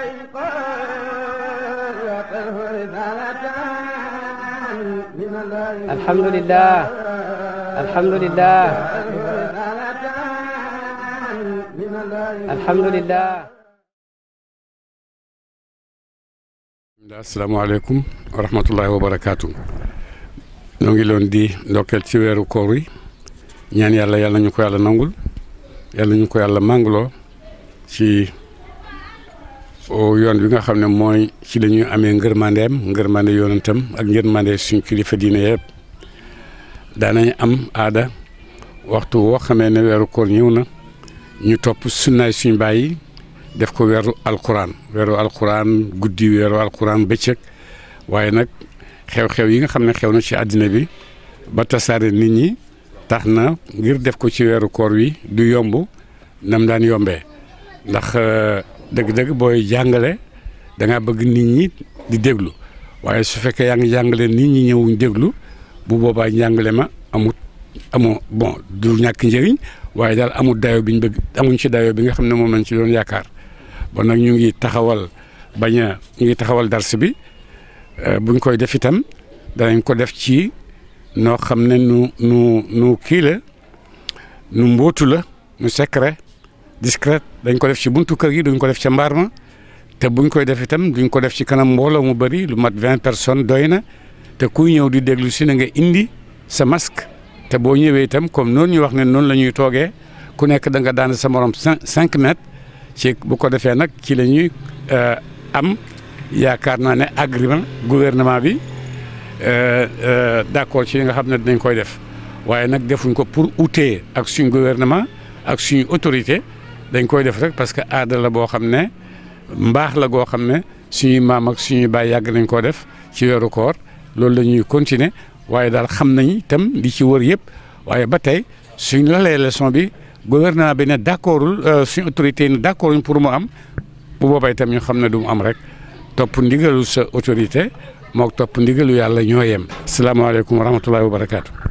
alhamdulilah alhamdulilah alhamdulilah. asalaamaaleykum wa rahmatullahi wa barakaatu. ñoo ngi loon di ndokkeel ci weeru koor wi ñaan yàlla yàlla ñu ko yàlla nangul yàlla ñu ko yàlla màngloo ci. yoon bi nga xam ne mooy ci lañuy amee ñuy amee ngër ngërmande yoonantam ak ngërmande suñ kilifa diine yëpp daanañ am aada waxtu woo xamee ne weeru koor ñëw na ñu topp sunnaay suñ bàyyi def ko weeru alquran weeru alquran guddi weeru alquran bëccëg waaye nag xew-xew yi nga xam ne xew na ci àddina bi ba tasaare nit ñi tax na ngir def ko ci weeru koor wi du yomb nam daan yombee ndax dëgg-dëgg booy jàngale da bëgg nit ñi di déglu waaye su fekkee yaa ngi jàngale nit ñi ñëwuñ déglu bu boobaa jàngale ma amut amoo bon du ñàkk njëriñ waaye daal amut dayoo bi ñu bëgg amuñ ci dayoo bi nga xam ne moom lañ ci doon yaakaar bon nag ñu ngi taxawal bañ ñu ngi taxawal dars bi euh, buñ koy def itam danañ ko def ci noo xam ne nu nu nu kii la nu mbóotu la nu secret discrète dañ ko def ci buntu kër gi duñ ko def ca mbaar ma te buñ koy def itam duñ ko def ci kanam mbooloo mu bëri lu mat vingt personnes doy na te kuy ñëw di déglu si na nga indi sa masque te boo ñëwee itam comme noonu ñu wax ne noonu lañuy ñuy toogee ku nekk da nga daan sa morom cinq mètres ci bu ko defee nag ci lañuy ñuy euh, am yaakaar naa ne agrément gouvernement bi euh, euh, d'accord ci li nga xam ne dinañ koy def waaye nag defuñ ko pour outiller ak suñ gouvernement ak suñu autorité dañ koy def rek parce que aada boo xam ne mbaax la goo xam ne suñuy maam ak suñuy baay yàgg nañ koo def ci weeru koor loolu la ñuy waaye daal xam nañ itam di ci wër yëpp waaye ba tey suñ lalee leçon bi gouvernement bi ne d'accordul euh, suñu autorité yi ne d'accorduñ pour mu am bu boobaa itam ñu xam ne du mu am rek topp ndigalu sa autorité moo topp ndigalu yàlla ñoo yem. salaamaaleykum wa rahmatullahi wa barakaatu.